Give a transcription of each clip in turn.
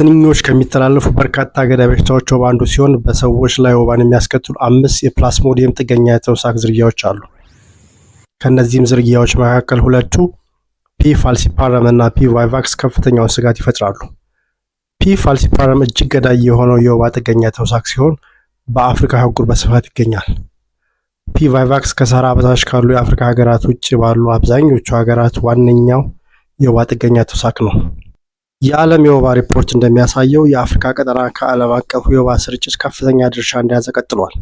በትንኞች ከሚተላለፉ በርካታ ገዳይ በሽታዎች ወባ አንዱ ሲሆን በሰዎች ላይ ወባን የሚያስከትሉ አምስት የፕላስሞዲየም ጥገኛ የተውሳክ ዝርያዎች አሉ። ከእነዚህም ዝርያዎች መካከል ሁለቱ ፒ ፋልሲፓረም እና ፒ ቫይቫክስ ከፍተኛውን ስጋት ይፈጥራሉ። ፒ ፋልሲፓረም እጅግ ገዳይ የሆነው የወባ ጥገኛ የተውሳክ ሲሆን በአፍሪካ አህጉር በስፋት ይገኛል። ፒ ቫይቫክስ ከሰሃራ በታች ካሉ የአፍሪካ ሀገራት ውጭ ባሉ አብዛኞቹ ሀገራት ዋነኛው የወባ ጥገኛ ተውሳክ ነው። የዓለም የወባ ሪፖርት እንደሚያሳየው የአፍሪካ ቀጠና ከዓለም አቀፉ የወባ ስርጭት ከፍተኛ ድርሻ እንደያዘ ቀጥሏል።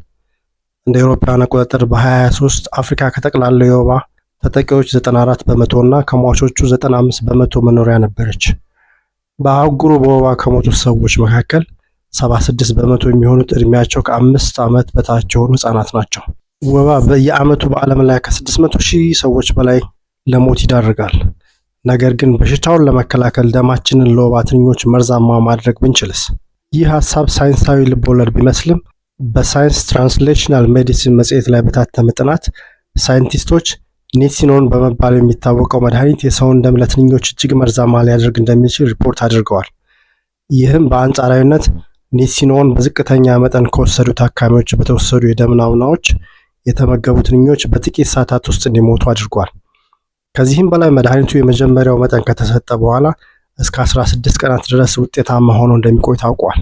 እንደ አውሮፓውያን አቆጣጠር በ2023 አፍሪካ ከጠቅላላው የወባ ተጠቂዎች 94 በመቶ እና ከሟቾቹ 95 በመቶ መኖሪያ ነበረች። በአህጉሩ በወባ ከሞቱት ሰዎች መካከል 76 በመቶ የሚሆኑት እድሜያቸው ከአምስት ዓመት በታች የሆኑ ህጻናት ናቸው። ወባ በየዓመቱ በዓለም ላይ ከ600 ሺህ ሰዎች በላይ ለሞት ይዳርጋል። ነገር ግን በሽታውን ለመከላከል ደማችንን ለወባ ትንኞች መርዛማ ማድረግ ብንችልስ? ይህ ሀሳብ ሳይንሳዊ ልቦለድ ቢመስልም በሳይንስ ትራንስሌሽናል ሜዲሲን መጽሔት ላይ በታተመ ጥናት ሳይንቲስቶች ኒሲኖን በመባል የሚታወቀው መድኃኒት የሰውን ደም ለትንኞች እጅግ መርዛማ ሊያደርግ እንደሚችል ሪፖርት አድርገዋል። ይህም በአንጻራዊነት ኒሲኖን በዝቅተኛ መጠን ከወሰዱ ታካሚዎች በተወሰዱ የደም ናሙናዎች የተመገቡ ትንኞች በጥቂት ሰዓታት ውስጥ እንዲሞቱ አድርጓል። ከዚህም በላይ መድኃኒቱ የመጀመሪያው መጠን ከተሰጠ በኋላ እስከ 16 ቀናት ድረስ ውጤታማ ሆኖ እንደሚቆይ ታውቋል።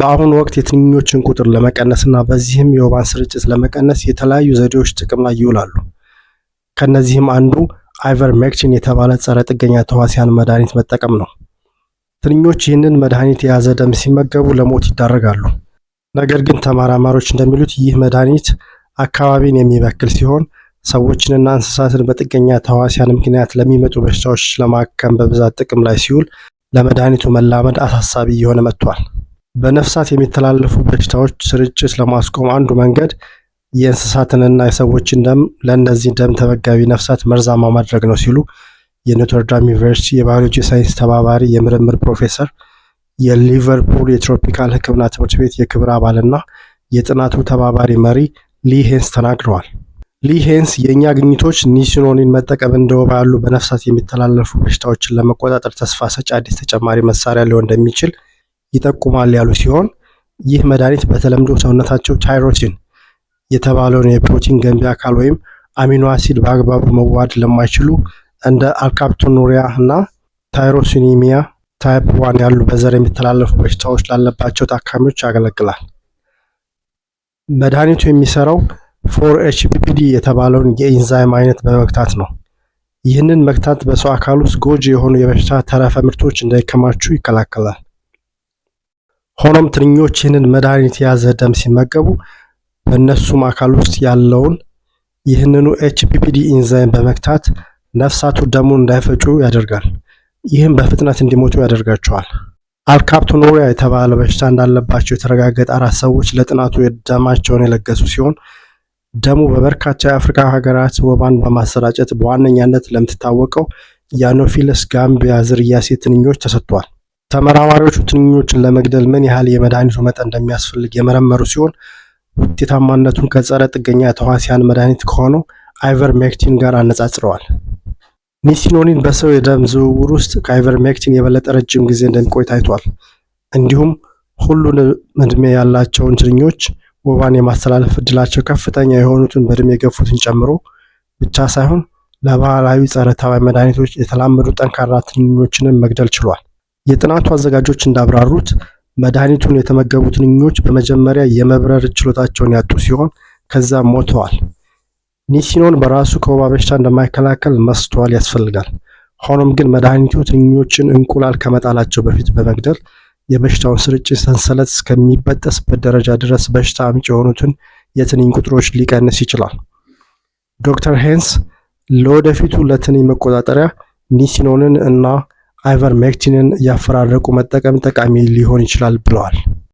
በአሁኑ ወቅት የትንኞችን ቁጥር ለመቀነስና በዚህም የወባን ስርጭት ለመቀነስ የተለያዩ ዘዴዎች ጥቅም ላይ ይውላሉ። ከእነዚህም አንዱ አይቨር ሜክችን የተባለ ጸረ ጥገኛ ተዋሲያን መድኃኒት መጠቀም ነው። ትንኞች ይህንን መድኃኒት የያዘ ደም ሲመገቡ ለሞት ይዳረጋሉ። ነገር ግን ተመራማሪዎች እንደሚሉት ይህ መድኃኒት አካባቢን የሚበክል ሲሆን ሰዎችንና እንስሳትን በጥገኛ ተዋሲያን ምክንያት ለሚመጡ በሽታዎች ለማከም በብዛት ጥቅም ላይ ሲውል ለመድኃኒቱ መላመድ አሳሳቢ እየሆነ መጥቷል። በነፍሳት የሚተላለፉ በሽታዎች ስርጭት ለማስቆም አንዱ መንገድ የእንስሳትንና የሰዎችን ደም ለእነዚህ ደም ተመጋቢ ነፍሳት መርዛማ ማድረግ ነው ሲሉ የኖተርዳም ዩኒቨርሲቲ የባዮሎጂ ሳይንስ ተባባሪ የምርምር ፕሮፌሰር የሊቨርፑል የትሮፒካል ሕክምና ትምህርት ቤት የክብር አባልና የጥናቱ ተባባሪ መሪ ሊ ሄንስ ተናግረዋል። ሊሄንስ የእኛ ግኝቶች ኒሲኖኒን መጠቀም እንደ ያሉ በነፍሳት የሚተላለፉ በሽታዎችን ለመቆጣጠር ተስፋ ሰጪ አዲስ ተጨማሪ መሳሪያ ሊሆን እንደሚችል ይጠቁማል ያሉ ሲሆን ይህ መድኃኒት በተለምዶ ሰውነታቸው ታይሮሲን የተባለውን የፕሮቲን ገንቢ አካል ወይም አሚኖ አሲድ በአግባቡ መዋሃድ ለማይችሉ እንደ አልካፕቶኑሪያ እና ታይሮሲኒሚያ ታይፕ ዋን ያሉ በዘር የሚተላለፉ በሽታዎች ላለባቸው ታካሚዎች ያገለግላል። መድኃኒቱ የሚሰራው ፎር ኤችፒፒዲ የተባለውን የኢንዛይም አይነት በመግታት ነው። ይህንን መግታት በሰው አካል ውስጥ ጎጂ የሆኑ የበሽታ ተረፈ ምርቶች እንዳይከማቹ ይከላከላል። ሆኖም ትንኞች ይህንን መድኃኒት የያዘ ደም ሲመገቡ በእነሱም አካል ውስጥ ያለውን ይህንኑ ኤችፒፒዲ ኢንዛይም በመግታት ነፍሳቱ ደሙን እንዳይፈጩ ያደርጋል። ይህም በፍጥነት እንዲሞቱ ያደርጋቸዋል። አልካፕቶኖሪያ የተባለ በሽታ እንዳለባቸው የተረጋገጠ አራት ሰዎች ለጥናቱ ደማቸውን የለገሱ ሲሆን ደሙ በበርካታ የአፍሪካ ሀገራት ወባን በማሰራጨት በዋነኛነት ለምትታወቀው የአኖፊለስ ጋምቢያ ዝርያ ሴት ትንኞች ተሰጥቷል። ተመራማሪዎቹ ትንኞችን ለመግደል ምን ያህል የመድኃኒቱ መጠን እንደሚያስፈልግ የመረመሩ ሲሆን ውጤታማነቱን ከጸረ ጥገኛ ተዋሲያን መድኃኒት ከሆነው አይቨርሜክቲን ጋር አነጻጽረዋል። ኒሲኖኒን በሰው የደም ዝውውር ውስጥ ከአይቨርሜክቲን የበለጠ ረጅም ጊዜ እንደሚቆይ ታይቷል። እንዲሁም ሁሉን እድሜ ያላቸውን ትንኞች ወባን የማስተላለፍ እድላቸው ከፍተኛ የሆኑትን በእድሜ የገፉትን ጨምሮ ብቻ ሳይሆን ለባህላዊ ጸረ ተባይ መድኃኒቶች የተላመዱ ጠንካራ ትንኞችንም መግደል ችሏል። የጥናቱ አዘጋጆች እንዳብራሩት መድኃኒቱን የተመገቡ ትንኞች በመጀመሪያ የመብረር ችሎታቸውን ያጡ ሲሆን ከዛም ሞተዋል። ኒሲኖን በራሱ ከወባ በሽታ እንደማይከላከል መስተዋል ያስፈልጋል። ሆኖም ግን መድኃኒቱ ትንኞችን እንቁላል ከመጣላቸው በፊት በመግደል የበሽታውን ስርጭት ሰንሰለት እስከሚበጠስበት ደረጃ ድረስ በሽታ አምጪ የሆኑትን የትንኝ ቁጥሮች ሊቀንስ ይችላል። ዶክተር ሄንስ ለወደፊቱ ለትንኝ መቆጣጠሪያ ኒሲኖንን እና አይቨርሜክቲንን እያፈራረቁ መጠቀም ጠቃሚ ሊሆን ይችላል ብለዋል።